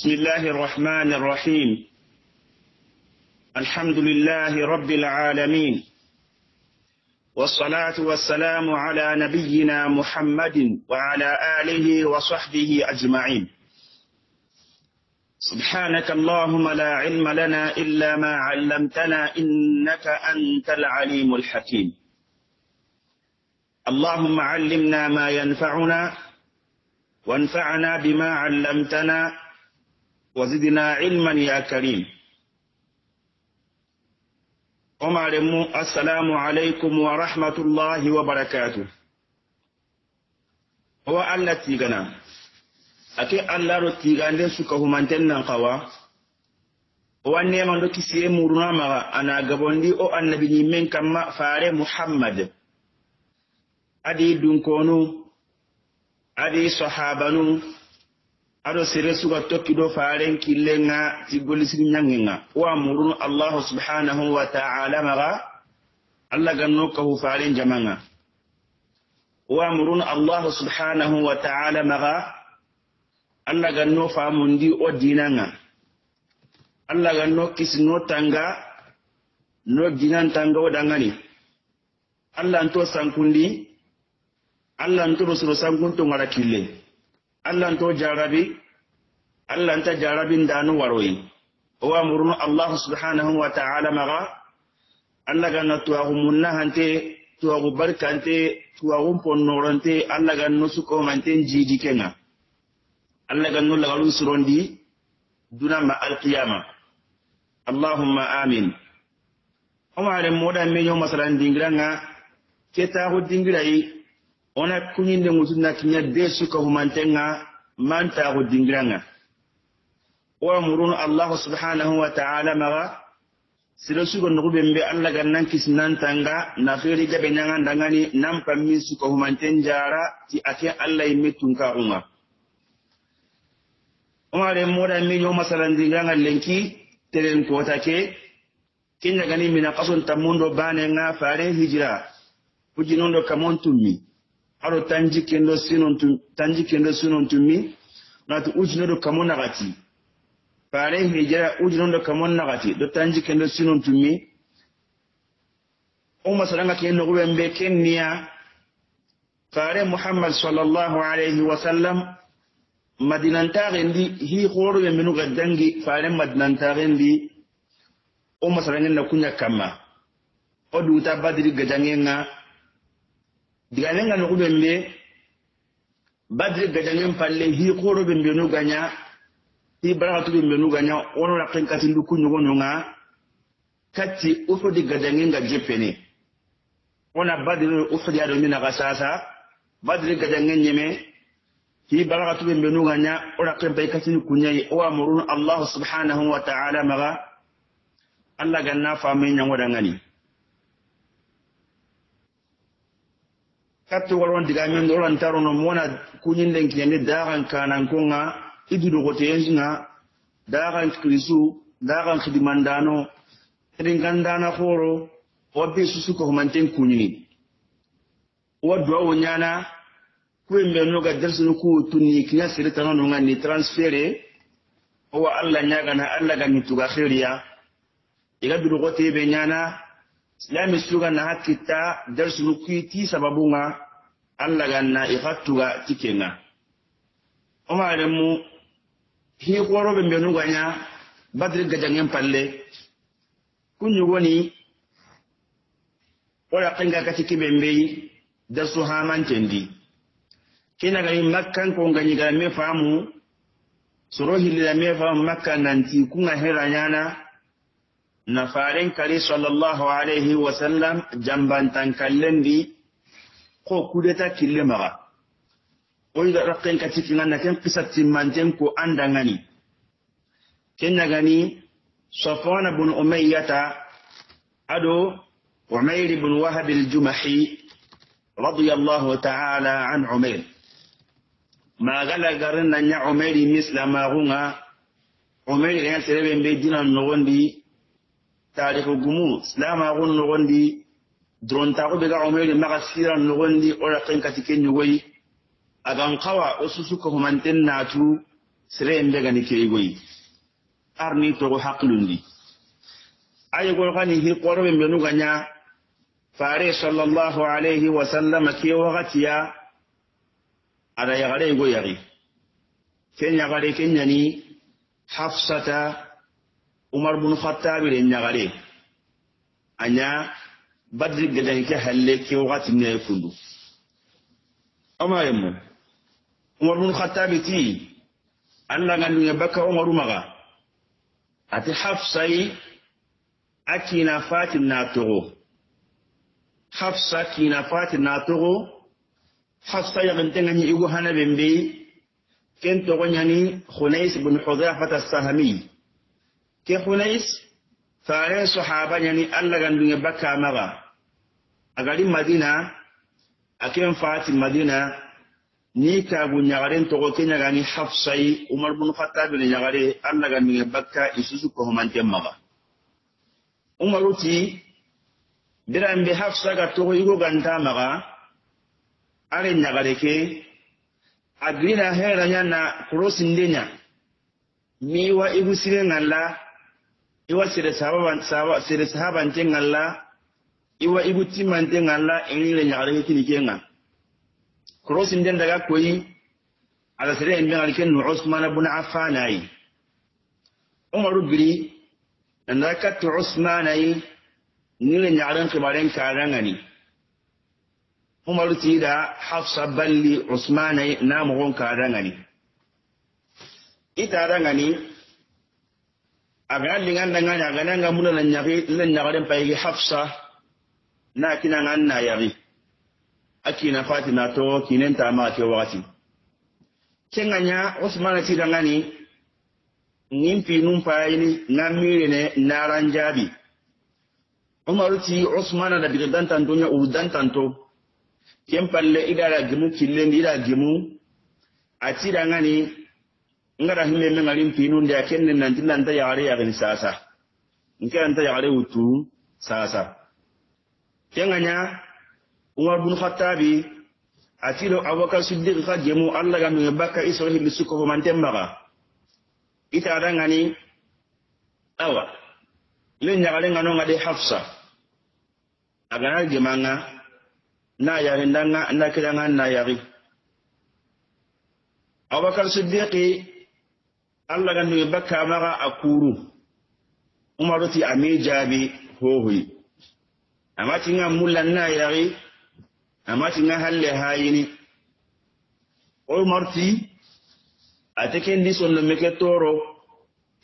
بسم الله الرحمن الرحيم الحمد لله رب العالمين والصلاة والسلام على نبينا محمد وعلى آله وصحبه أجمعين سبحانك اللهم لا علم لنا إلا ما علمتنا إنك أنت العليم الحكيم اللهم علمنا ما ينفعنا وانفعنا بما علمتنا وزدنا علما يا كريم عمر السلام عليكم ورحمة الله وبركاته هو الله تيغنا أكي الله تيغان دين سكه من تنن قوى هو النيم أن تسيء مرنا مغا أنا قبل دي أو أن نبني من كما فاري محمد أدي دون كونو أدي صحابنو aɗo sere suka tokki ɗo faren killenga sigolisiri ñangenga wa murunu allahu subhanahu wa taala maga allah ganno kahu faren jamanga wa murunu allahu subhanahu wa taala maga allah ganno famundi o dinanga allah ganno kisino tanga no dinan tanga o dangani allah nto sankundi allah nto rosoro sankunto gara killeng allah to jarabi allah ta jarabin danu waroyi, wa murunu allah subhanahu wa ta'ala maga allah ganna tuwaku munahante tuwaku barkante tuwaku ponnorante allah ganno sukomanten jiji kenga allah ganno lagalun surondi ma alqiyama allahumma amin omaren moɗan me yo masalan dingiranga ke ta hu dingirayi ona kuñinde na kiña be ko humantenga ko dingranga wora murunu allahu subhanahu wa taala sira su sugo nuxuɓen bembe allah ga nan tanga na xeeri benanga dangani nam pammin suka humanten jara ti ake allah yimme tunkaxunga omare moda miño dingranga lenki teren ko take kinya ñagani mina kason tamundo banenga faren hijira fujinundo kamon tummi tu tanji kendo sinon tu mi pare ujunoɗo kamo nagati do hijira gati do nagati kendo sinon tu mi o masalanga ke noguɓen ɓe kenniya pare muhammad sallllahu alayhi wa sallam gendi hi gaddangi pare dangi ta gendi o masalangen na kunya kama o duuta badiri gajangenga diga lenga no kubembe badri gajamin palle hi koro bembe no ganya hi baraka to bembe no ganya wani la ken katin du kunyo wono nga kati ufu di gadangin ga jepene wana badri ufu di adomi na kasasa badri gadangin nyeme hi baraka to bembe no ganya ora ken bay katin yi o amurun allah subhanahu wa ta'ala maga Allah ganna famin yan wadangani katti walon diga men dolan tarono mona kunyin den kiyande daran kanan kunga idu do gote yenga daran krisu daran khidimandano irin gandana khoro wabbe su suka humanten kunyini wadwa wonyana kuwembe noga dersinu ku tunni kinya sire tanono nga ni transfere owa alla na alla ga mitu ga khiriya ila du gote be nyana silami suga na hakkita darsunu kuiti sababu nga allah ga na ifattuga tike nga omaremu hikoroɓe mbenugaña badri gajangen palle kuñugoni wala kenga kati kiɓe mbeyi darsu hamantendi kinagani makkan ko gañigala me faamu soro hillila me faamu makka nanti kunga hera na. نفارين كري صلى الله عليه وسلم جنبان تنكلن دي كو كودتا كلمغا ويدا رقين كتفين أنك قصة تمانتين كو أندغاني كنغاني صفوان بن أمية أدو عمير بن وهب الجمحي رضي الله تعالى عن عمير ما قال قرن أن عمير مثل ما غنى عمير يعني سيربين بيدنا النغندي تاريخ الجمهور لا ما أقول نغندي درون تاقو بيغا عميري مغا سيرا نغندي أولا قين كتكين نغوي أغان قوى أسوسوك همانتين ناتو سرين بيغا نكي غوي أرني تغو حق لندي أي قول غني هي قرب من غنيا فاري صلى الله عليه وسلم كي وغتيا على يغري غوي كن يغري كن يعني حفصة umar bunu khattabi re nyagare anya badri gadan ke halle ke wakati ne kundu amma yamma umar bunu khattabi ti Allah gandu ya baka umar umaga ati hafsai akina fatin na togo hafsa kina fatin na togo hafsa yagintegani igu hana bembe ken togo yani hunais bin hudhafata sahami ke hunais faren sahaba yani allah dunya bakka maga a garin madina a ken fati madina ni tagu to ko ke gani hafsai umar bunu khatabine ñagare allah dunya bakka isusu kohomanten maga umaru diran biranbe hafsa ga togo yigo ganta maga are ñagare ke agrina girina hera na kurosinde ña miwa igu sire ngalla iwa sire sahaban sire sahaban tengalla iwa ibuti man tengalla eni le nyaare kini kenga crossing den daga koyi ala sire en ngal ken Usman ibn Affan ay Umar biri nda kat Usman ay ni le nyaaren kibaren karangani Umar ti da Hafsa balli Usman ay na mu gon karangani ita rangani aga linganda nga nyaga nanga muna na nyagi le nyagaren payi hafsa na kina nga na yari. Aki na fatima to kinen ta ma ke wati kenga nya usmana ti danga ni ngimpi num payi ni ngamire ne naranjabi umaru ti usmana da bidan tanto nya udan tanto kempalle idara gimu killendi idara gimu ati danga ni ngara hinne na ngarin pinu dia kenne nan tilan ta yare ya gani sasa nke an ta yare wutu sasa kenganya umar bin khattabi atilo awaka siddiq ka jemu allah ga nuye bakka isoro hilli sukko ita ada ngani awa le nyagale ngano ngade hafsa agana manga na yari ndanga na nayari, na yari Awaka siddiqi allah ga nuge baka mara a kuru umaru ti ame hohoi, a amati nga mullan na a amati nga halle hayi ne, umaru ti a cikin di sonno meke toro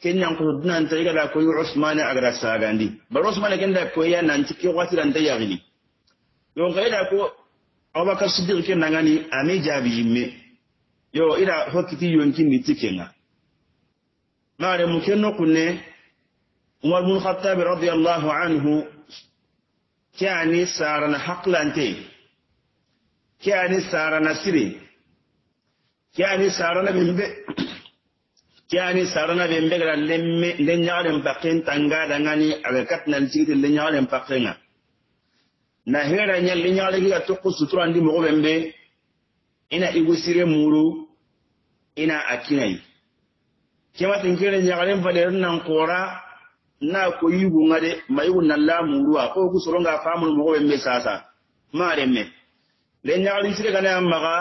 kenyan ko dunan ta gada koyi Usman a gada sagandi bar Usman ken da koyi nan ciki wati ran da yagni yo kai da ko Abubakar na ken nan ani ame jabi yimme yau ina hokiti yonkin ni ha. maare mu ken nokunne umar bun khattabi radiallahu anhu ke ani sarana haklante ke ani sarana siri ke ani sarana bembe ke ani sarana bembe gara le ñagaren pakken tangadangani aga katinan sigiti le ñagaren pakkenga na hera ña le ñagare giga tokku suturandi mogo bembe ina igu sire muru ina akinayi kema tinkirin yagarin falerin nan kora na ko yigu ngade mayu nan la ruwa ko ku ga famu mu ko me sasa re me le nyagarin sire kana ga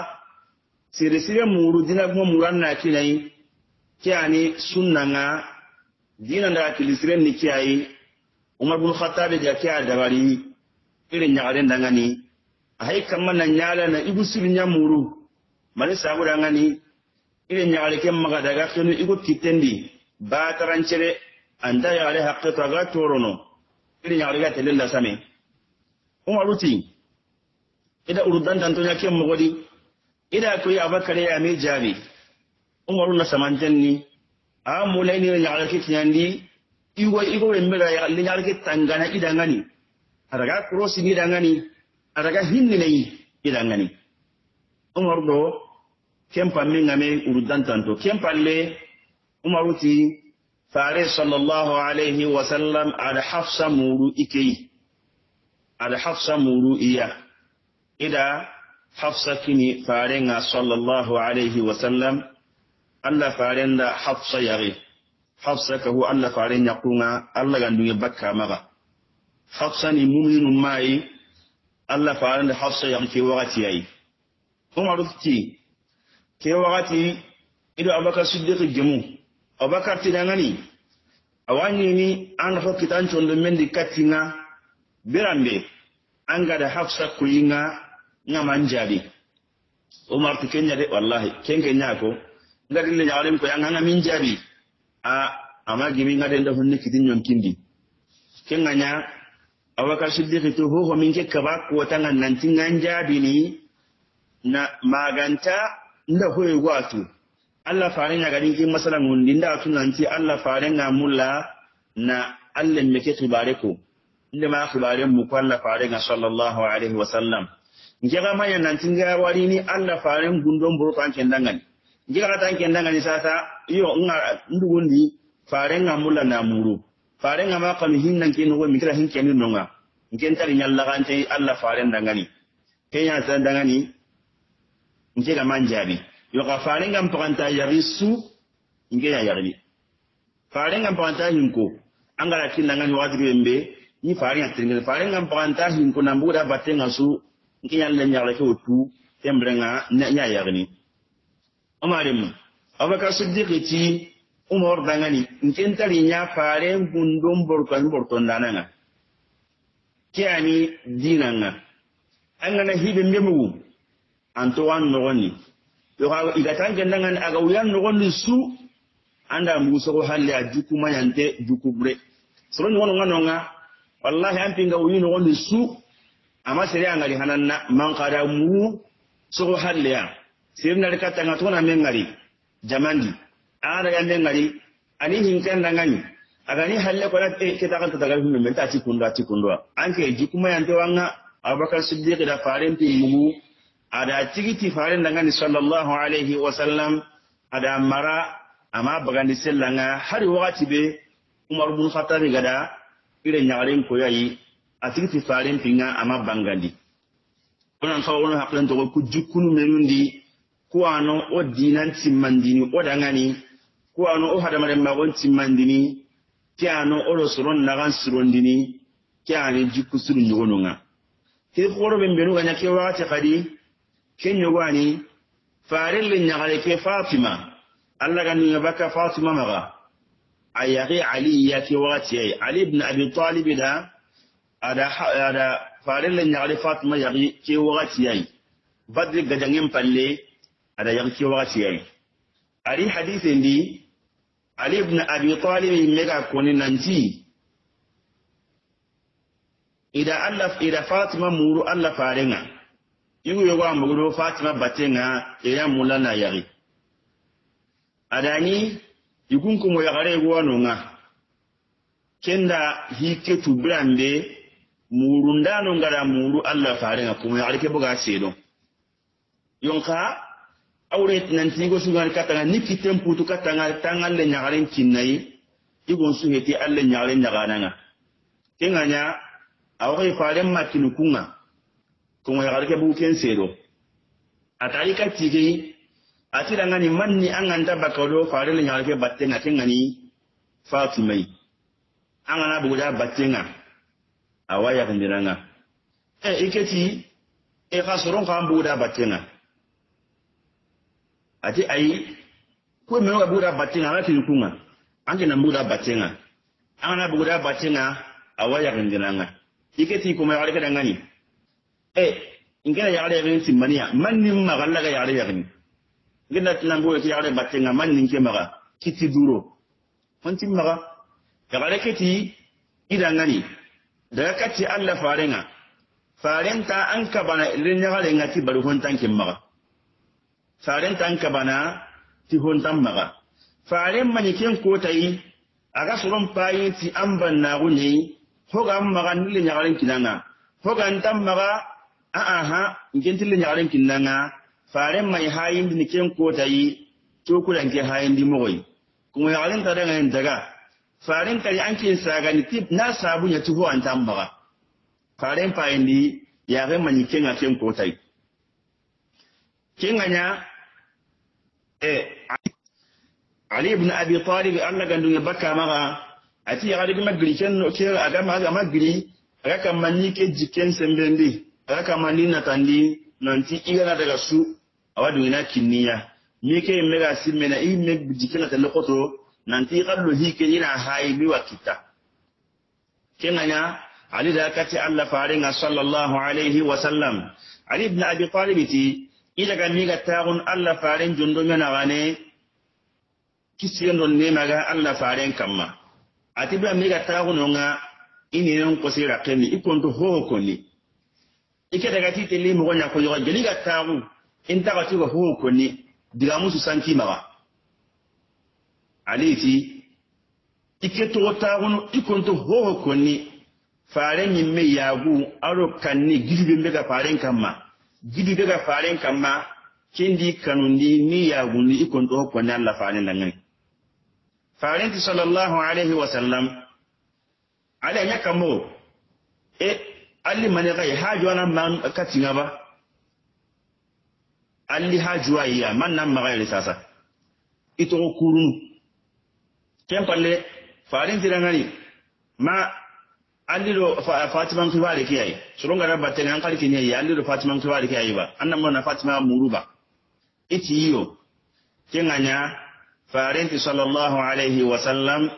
sire sire muru dina mu muran na kinai ani sunna nga dina da sire ni kiyai umar bin khattab ja kiya dabari irin nyagarin dangani ai kamman na nyala na ibu sire nyamuru mali sabu dangani ire ñagare ken maga daga xenu igo kittendi batarancere anta yagare haqqe to aga torono ire ñagare ga telen da same umaruti ida urudantantoña ken mogodi ida koyi abakare ame jaabi umaru na samanten ni a mulaini ire ñagare ke kiñandi igo igo wembera le ñagare ke tangana idangani adaga ni idangani adaga hinninayi idangani umaru do ken pamme ngame urudantanto ken palle umaru ti fare sallallahu alayhi wa sallam ada hafsa muru ikeyi ada hafsa muru iya ida hafsa kini fare nga sallallahu alayhi wa sallam alla faren da hafsa yari hafsa ka hu alla faren yakunga alla gandunge bakka maga hafsa ni muminu mai alla faren da hafsa yari ke wakati yayi umaru ti ke wakati ido abakar siddiqi gemu abakar tinangani ni an fo kitan condo mendi kattinga birambe an da hafsa kuyinga nga jaabi umar tu kenya de wallahi ken kenya ko ngadi le nyaare ko yanga nga jaabi a ama gimi ngade ndo hunni kitin nyon kindi kenga nya abakar siddiqi to ho ho min kaba ko tanga nanti ngan jaabi ni na maganta nda hoye gwatu allah farenga gadi i masala gundi nda tunanti allah farenga mulla na allah meke tubare ko ndema tubare mu ko allah farenga sallallahu alaihi wa wasallam njega maya nanti nga warini allah faren gundon buru tan kendangani njega tan kendangani sasa iyo nga ndugundi farenga mulla na muru farenga ma kanu hinnan kenugo mikira hinkeninonga nkentari ñallagante allah faren dangani keña tan dangani nje ka man yo ka falenga mpanta ya su nje ya yagini falenga mpanta hinko an gara kinnangani wakati ɓen ɓe ni falenga tinga falenga mpanta hinko na mbura batenga su ya ñalle ñagla ke otu tembrenga ña yagini omaremu abubakar sidiki ti umar dangani ntali nya falenga bundum bortoni bortondananga ke kiani dinanga angana hibe hiɓe mbemugu antowan nogoni igatan kendangani aga wuyan nogoni su anda mugu sogo ya, juku mayante jukumayante jukubre soroni wono nga nonga wallahi anpinga wuyi nogoni su ama sere angari hananna mankara mugu sogo halleya serinari kattanga togona men ngari jamandi aara yande ngari ani nangani. agani halle ya eh, kita kan tatagal humme menta ati kundu ati kunduwa anke mayante wanga abubakar siddiqi da ti mugu aɗa tigiti faare dagandi sallllahu alayhi wasallam aɗa mara ama bagandi sellaga hari wakati ɓe umaru bun hatabi gada ɓire yagaren koyayi a tigiti faren pinga ama bangandi onan fawono hakilen togo ku jukkunu menundi ku ano o dinan timmandini o dagani ku ano o hadamaren magon timmandini ke ano o ro soron nagan sirondini ke ani jukku siru yogonoga ke koro ɓe benugaya ke wakati kadi ken yogani farelle ñagare ke fatima allah ga niga bakka fatima maga a yaki ali yake wakati yai ali ibn abi talib da ada ada farelle ñagare fatima yaki ke wakati yai badri gajangen palle ada yaki ke wakati yai ari hadise ndi ali ibn abi talib mega koni nanti ida allah ida fatima muru allah farenga igu yogo a mogodo fatima bate nga eya mula na yari adani igunkumo yagare iguwano nga kenda hike tubirambe muru ndano ngara muru allah fare nga kuma yagare ke boga sedo yonka awre nantigo sugan katanga niki temputu katanga tangalle nyagaren kinnayi igun su heti allah nyagaren nyagananga kenganya awre fare makinu kunga kuma ya karke buken sero atari ka tigi ati da ngani manni an anta bakalo faril le nyarke batte na ngani fatima an ana bugu da batte nga awaya kandira nga e iketi e khasurun kan bugu da batte nga ati ai ko me ka bugu da batte nga na tin kunga an ke na bugu da batte nga an ana bugu da batte nga awaya kandira nga iketi kuma ya karke da ngani Eh, yare ingena simmania manni ma galla ga yare laga yagare ginna ngena tilangoye ti yare batte nga manni ke maga kiti duro hontin maga yagare keti da daga kati alla farenga farenta an kabana irin nga ti bari hontan ke maga farenta an kabana ti hontan maga faren ko tai aga suron payi ti an na ne hoga an maga nile yagaren kinanga hoga ntan maga A'a ha, aha ngentil nyaaren kinnanga faren mai hayin din ken kotayi to kudan ke hayin din mugoi kuma yaaren ta daga daga faren kai an kin sagani tip na sabu ya tuho an tambaga faren fayin di yaaren man ken a ken kotayi kin ganya eh ali ibn abi talib Allah gandu ya baka maga ti ya gadi magri ken no ke aga maga magri raka manike ke jiken sembendi aka mandi tandi nanti na daga su awa dungina kinniya mi ke yimme ga simmena i me jikena telle koto nanti i kallo hike ina hayi mi wa kena kenganya ali da kati allah farenga sallallahu alaihi wasallam ali ibn abi talib ti i daga mi ga tagun allah faren jondo mena gane kisiyendon maga allah faren kama. ati bra mi ga tagunonga ininen kosi rakeni ikon konto hoho koni ike daga ti tele mo gonya ko yo geli ga tawu in ta ga tuba ko hu ko ni diga musu sanki mawa, aliti ike to ta no ikon to ho ko faren yin me yagu aro ne gidi be daga faren kan ma gidi daga faren kin kindi kanun ni yagu ni ikon to ko ne Allah faren nan ne faren ti sallallahu alaihi wasallam ala ya kamo e alli mani kai haju nan man nga ba alli haju ayya man nan magayri sasa ito kurunu ken palle farin tirangani ma alli do fatima kiwari kiyai suronga rabba tene an kalki ne ya alli do fatima kiwari kiyai ba annan mona fatima muruba iti yo kenganya farin sallallahu alaihi wasallam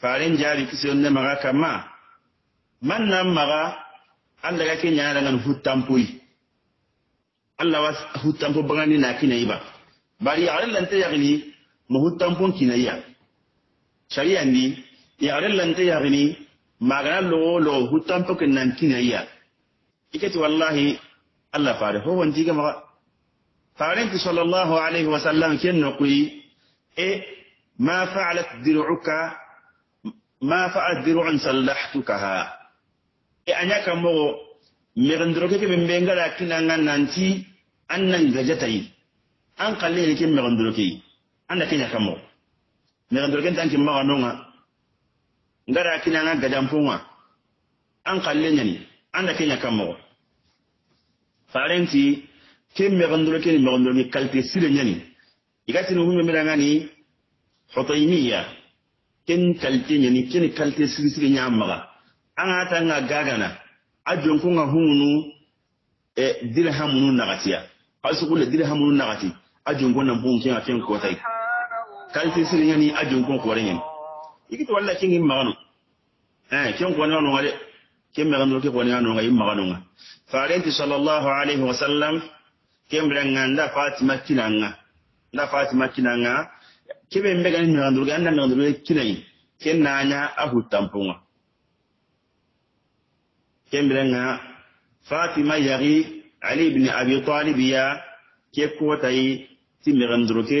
farin jari kisiyonne magaka kama من نام مغا ألا كي نعلا نغن فوتام بوي ألا واس فوتام بو بغاني ناكي نايبا باري يعلل لنت يغني مهوتام بون كي نايا شريعا ني يعلل لنت يغني مغنى لو لو فوتام بو كنان كي نايا إكت والله ألا فاري هو وانتيك مغا فارنت صلى الله عليه وسلم كي نقوي إيه ما فعلت درعك ما فعلت درع سلحتكها e anya kan mogo megandiro ke kebe mbe ngara kina nga nanti an nan gajata yi an kalle ne ke megandiro ke yi an da kenya kan mogo megandiro ke tanki maga nonga ngara kina nga gadampunga an kalle ne an da kenya kan mogo farenti ke megandiro ke ni megandiro ke kalte sire nyani no hume miranga ni hotoimiya ken kalte nyani ken kalte sire sire nyamaga an hata nga gagana ajon nga hunu e dirham nu nagatiya kasu kula dirham nu nagati ajon nan bunke a bun ko fen kai kalti sirin yani ajon ko rin yani iki to wallahi kin magano eh kin ko nan ngale kin magano ke ko nan nanu ngai magano nga farenti sallallahu alaihi wasallam kin branga nda fatima kinanga nda fatima kinanga kibe mbega ni nandurga nda nandurga kinai kin nanya ahu tampunga kembirenga fatima yari ali ibn abi talib ya ke yi ti meganduro ke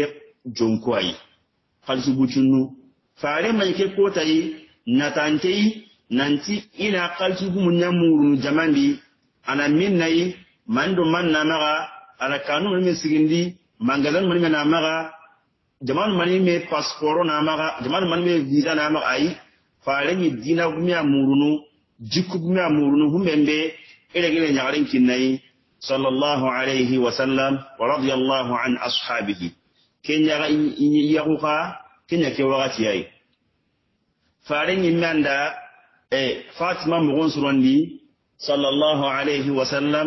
jonko ayi halsu bucunnu fare man ke kotayi natankeyi nanti ina halsu gumu nyamurunu jamandi ana min nayi man do man namaga ana kanu min sigindi mangalan man na namaga jaman man me pasporo namaga jaman man me visa namaga ayi fare ni dina gumu ya murunu جكب ما مرنهم من بي إلى قيل نعرين كناي صلى الله عليه وسلم ورضي الله عن أصحابه كن يغي يغوخا كن يكي وغتي أي فارين من دا فاطمة مغنصرون لي صلى الله عليه وسلم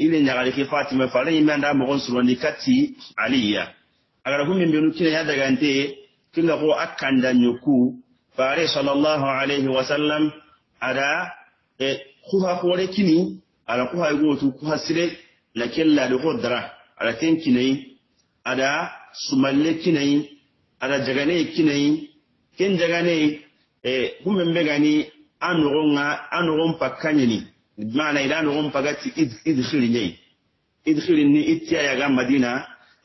إلى نعرين فاطمة فارين من دا مغنصرون لي كتي عليا أغرى هم من بيونو كنا يدغان تي كنا قو أكان دا نيوكو فاري صلى الله عليه وسلم ada e kuha kore kini ala kuha igotu kuha sire la kella de hodra ala ten kinai ada sumalle kinai ada jagane kinai ken jagane e kumen be gani anogonga anogon pakkanyini mana ida anogon pagati idkhili nyai idkhili ni itya ga madina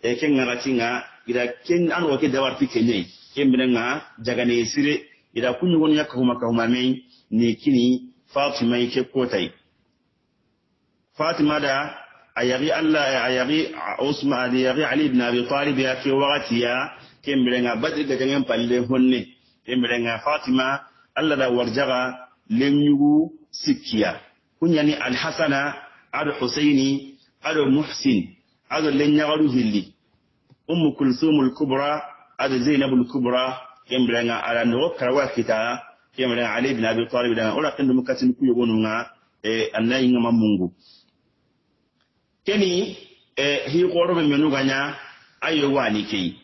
e ken ngati nga ida ken anogo ke dawarti kenyai ken binanga jagane sire ida kunyu ya kahuma kahuma mai nekini fatima ke kotai fatima da ayari allah ayari usman ayari ali ibn abi talib ya fi wakati ya kembirenga badri ga jangen palle honne kembirenga fatima allah da warjaga lenyugu sikkiya kunyani alhasana ado husaini ado muhsin ado lenyagaru hilli ummu kulsumul kubra ado zainabul kubra kembirenga ala nogo karawa kita kemara ali bin abi talib da ora kan dum katin ku kuyo gonu e annayi nga mungu keni e hi qoro be menu ganya ayo wani kei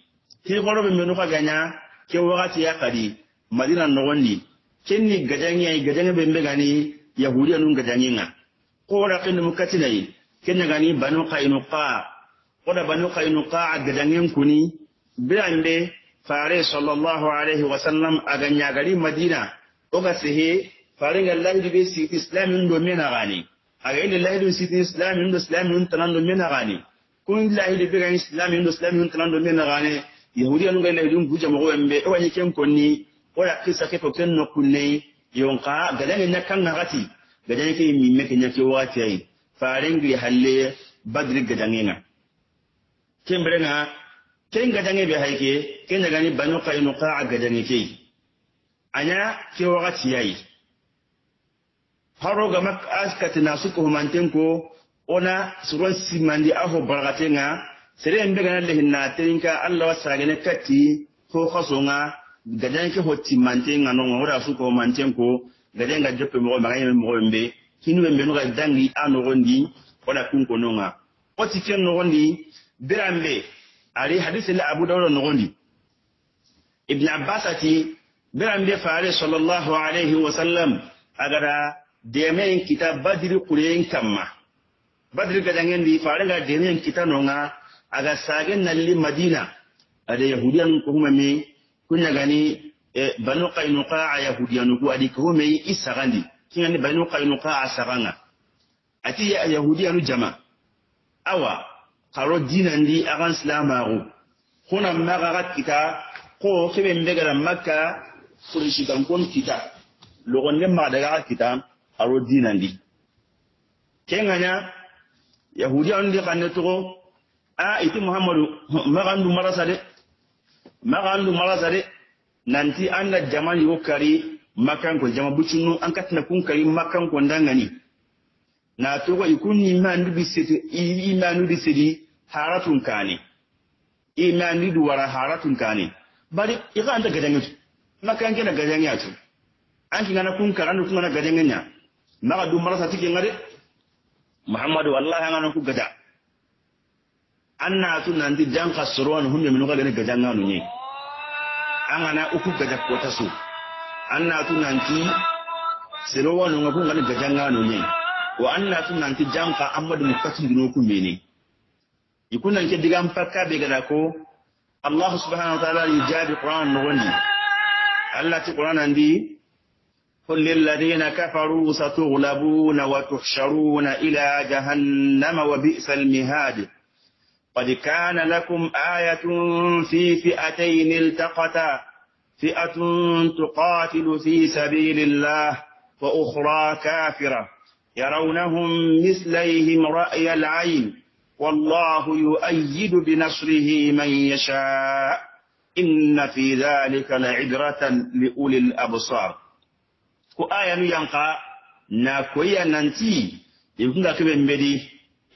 hi qoro be menu ganya ke wakati ya kadi madina nogondi kenni gajanya ay gajangi be mbe gani yahudiya nun gajanya nga qora kan dum katinai kenya gani banu qainuqa qora banu qainuqa gajangi kuni be ande fare sallallahu alaihi wasallam a ganya gari madina uga sihe farin ga lahidu be si islam yin domin gani a ga inda lahidu si islam yin islam yin tanan domin na gani kun lahidu be ga islam yin islam yin tanan domin na gani yahudi an ga lahidu guja mago embe o wani ken konni o ya kisa ke to ken no kunne yon ga gadan na kan na gati gadan ke mi me ken yake wati ai farin ga halle badri gadan ina kembre na ken gadange be hayke ken ni banu ga gadange ke anya ke wakati yayi haro ga mak askati na suko humanten ko ona suron simandi aho baragatenga sere en ga le hinna tenka allah ne kati ko ga gadange ke hotti mantenga no ora suku manten ko ga jope mo magay mo mbe kinu be no ga dangi anogondi ona kunko nonga oti ken nogondi birambe ari hadisi la abu dawuda nogondi ibn abbas ati da faare sallallahu alayhi wa sallam agara demeyen kita badiri kureyen kamma badiri gadangendi farenga demeyen kita nonga aga sage nalli madina ada yahudiyan kohumame kunyagani e, banu kainuka a ku a di yahudiyanugu adi kohumei isagandi kingani banu kainuka a saganga ati yahudiyanu jama awa karo di akan silamaxu kuna magarat kita ko keɓen begara makka forisigankon kita logonde magarat kita dinan di. kenganya yahudi anundi xanne togo. a iti muhammadu magandu marasa de maxandu marasa de nanti an na jaman yigo kari makkanko jama bucunnu an katina kun kari makkanko ndangani na togo ikun imanudi sedi haratun kani imani duwara haratun ne, bari iga anta gajangi tu makan kena gajangi an ki gana kun karanu kun ngana gajangi nya maka dun marasa tike gari, muhammadu ya gana ku gaja anna tu nanti jang kasruan hunde minuka gajen gajanga nu an gana uku gaja kota su anna tu nanti sirowanu ngakun ngana gajanga nu nyi wa su na ti jan ka amadu mukatun dinoku mene يكون أنك قام فكا بيقدكو الله سبحانه وتعالى يجاب القرآن نغني الله القرآن عندي قل للذين كفروا ستغلبون وتحشرون إلى جهنم وبئس المهاد قد كان لكم آية في فئتين التقتا فئة تقاتل في سبيل الله وأخرى كافرة يرونهم مثليهم رأي العين والله يؤيد بنصره من يشاء إن في ذلك لعبرة لأولي الأبصار كآية ينقى ناكويا ننتي يكون لك من بدي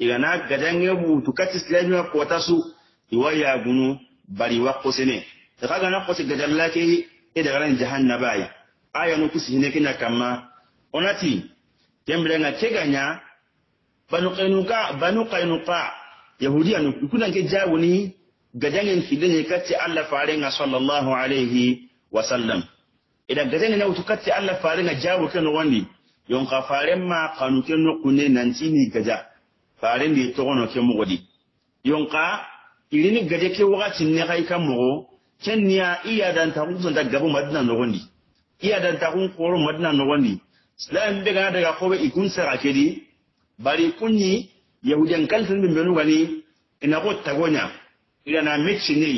إذا ناك قدن يبو تكاتي سلامي وقوتاسو يوايا بنو بري وقو سنة تقال ناقو سيقدر لكي إذا غران جهان نبايا آية نكسي هناك نكما وناتي تنبلغا تيغانيا banu kainuka yahudiya kuna ke jawo ni gajangen fidan katti Allah farenga sallallahu alaihi wa sallam idan gajangen na wutu katti Allah farenga jawo kan wani yon ka faren ma kanuke no kunne nan tini gaja faren ne to no ke mugodi yon ka irini gaje ke wakati ne kai kan mugo kenya iya dan ta kun da daga madina no wani iya dan ta kun koro madina no wani islam be ga daga ko be ikun sarake di, bari kunni yahudiyan kalfin bin benu gani ina ko tagonya ila na mixi ne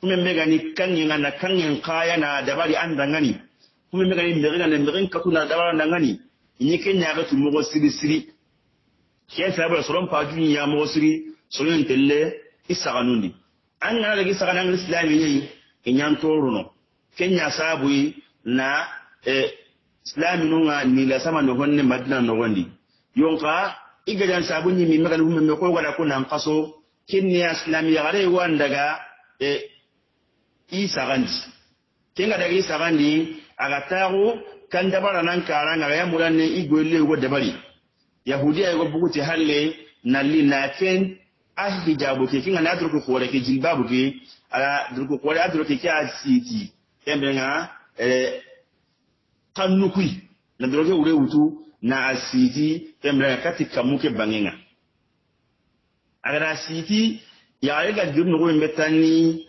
kuma me gani kan yin na kan yin kaya na dabari an dangani kuma me gani mbirin na mbirin katu na dabara dangani ni kenya ga tu mugo siri siri ke sabar soron pajun ya mugo siri soron telle isaganuni an na ga isaganan islami ne inyan toruno kenya sabu na eh islami nunga ni la sama no honne madina no wandi yonka igadan sabu nyimi magan humme me ko wala ko nan qaso kinni islam ya gare wan daga e isa gandi kinga daga isa Sagandi. aga taru kan dabara nan karanga ya mulan ne igwele wo dabari yahudiya go buguti halle li na fen ahdi jabu ke kinga na duru ko ke jilbabu ke ala duru ko ala ah durku ke a ah siti nga e kanukui na ke ure wutu na a siti kati kamu ke bangenga a siti yaare ga girnogo yimɓe tanni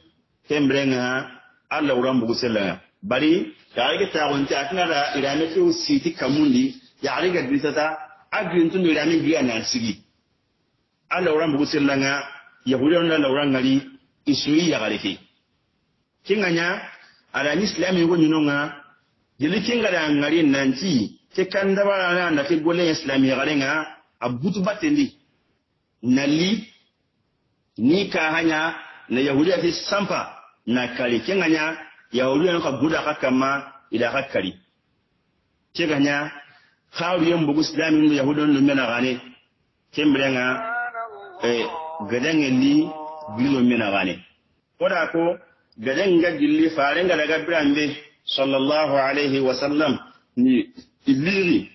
tembrenga allah wuran bugusellaga bari ya yaare ga tagonte atinara irame few siti kamundi yaare ga ta a girintundo irame giya nan sigi allah wuran bugusellaga yahudanla lawuran gari isuyi yagare ke kinganya arani islami yugo ñinonga jeli kingara ngari nanti ke dabara na ke golen islamiyagarenga a na nali ni ka hanya na yahudiya ti sampa na kari ke ŋanya yahudiya ka guda ka kama ida ka kari ke nga nya haru yen bugu islami nu yahudan no mena gane ke nga eh, gadange li gilo mena gane koda ko gadange ga gilli ga daga brande sallallahu alaihi wasallam ni iliri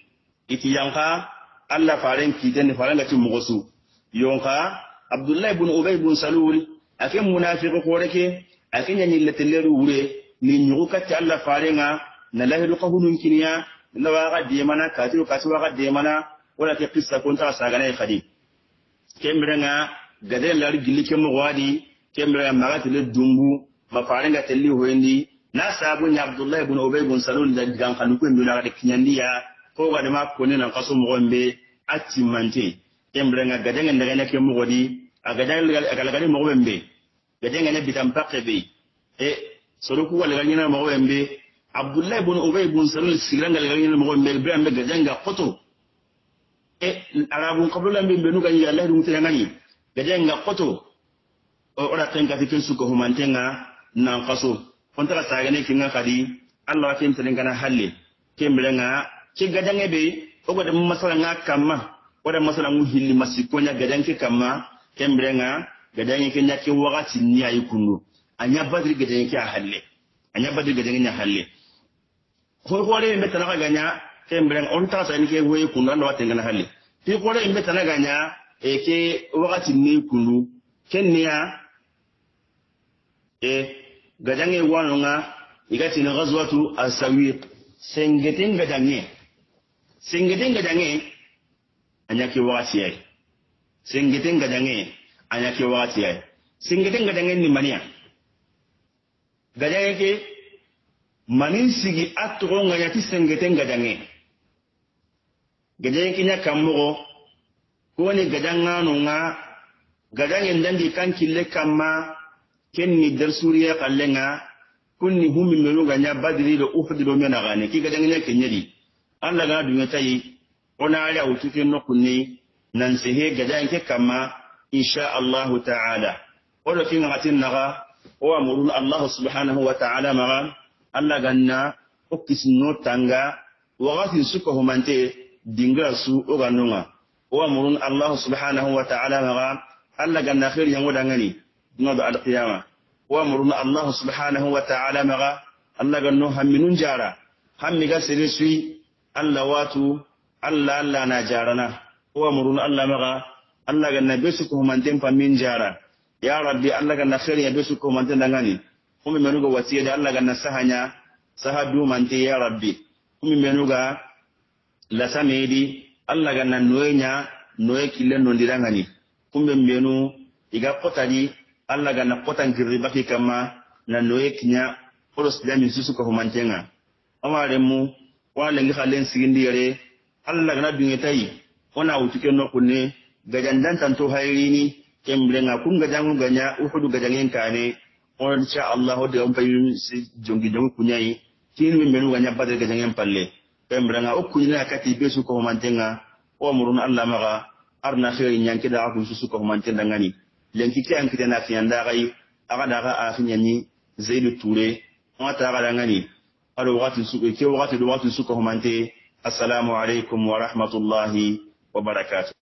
iti yanka Allah faren kiten faren lati mugosu yonka Abdullahi ibn Ubay ibn Salul akin munafiqu koreke akin yanyi latilleru wure ni nyugo katti Allah farenga na lahi qahunun kinya na mana demana kasu katiru waga mana wala ke qissa kunta sagane khadi kemrenga gade lari gilli kemwadi kemrenga magati le dumbu mafarenga telli hoyndi na sabu ya abdullahi ibn ubay ibn salul da gan kanu ko nduna da kinyandiya ko ga da mako ne nan kaso mu gombe atti mante embre nga gadenga ndaga ne ke mu godi aga dal aga ga ne mu gombe ga gadenga ne bitan pakke be e soro ku wala ganina mu gombe abdullahi ibn ubay ibn salul sigran ga ganina mu gombe ibrahim be gadenga koto e arabun qabla min benu ga ya allah dum tanga ni gadenga koto o ora tenka tikin su ko humantenga nan kaso fonta ka sagane kinga kadi allah ke tin kana halle ke mbilenga ke gadange be o goda masala nga o oda masala mu hilli masikonya gadange kamma ke mbilenga gadange ke ke wakati ni ayi kunu anya badri gadange ke halle anya badri gadange nya halle ko ko re mbe tanaka ganya ke mbilenga on ta sa ni ke hoye kunu ando watenga na halle ti ko re mbe tanaka ganya e ke wakati ni kunu niya e gajange wanonga igatini ghazwatu asawiq sengeten gajange sengeten gajange anyake wakati yai sengeten gajange anyake wakati yai sengeten gajange ni mania gajange ke manin sigi atro ngayati sengeten gajange gajange ko kamugo koni no nga gajange ndandi kan kille kama kenni suriya kallenga kunni humi menu ganya badiri do uhdi do mena gane ki gadan nya kenyedi alla ga dunya tayi ona ala utuke kunni nan sehe gadan ke kama insha Allah ta'ala odo kin ngatin naga o amurun Allah subhanahu wa ta'ala maga alla ganna no tanga wagati suko humante dinga su ganunga o amurun Allah subhanahu wa ta'ala maga alla ganna khair yango dangani noɗo alqiyama wamruna allahu subhanahu wa taala maga allah gan no hammi nun jara hammi ga sere suyi allah watu allah allah na jarana wamruna allah maga allah gan na besu ko humanten pammin jara ya rabbi allah gan na heriya besu ko humanten dangani humi menuga watiyede allah gan na sahanya saha dumante ya rabbi humi menuga lasamedi allah gan na noye nya noye kille nondirangani kuma mbenu iga kotadi Allah ganna kotan girri baki kama na noye kinya olo dami susu ka humantenga amare mu wala ngi khalen sigindi yare alla gana dunye tayi ona wutuke no kunne gajandan tanto hayrini nga kun gajangu ganya uhudu gajangen kane wana insha Allah de on si jongi jongi kunyayi tinu menu ganya badal gajangen palle kemblenga okunyina kati besu ka humantenga o murun Allah maga arna khairin nyankida akun susu ka humantenga ngani lenki ke an kitana fiyan da gai aga da ga ni zaidu ture on ta ga dangani aro wakatin su ke wakatin su humante assalamu alaikum wa rahmatullahi wa barakatuh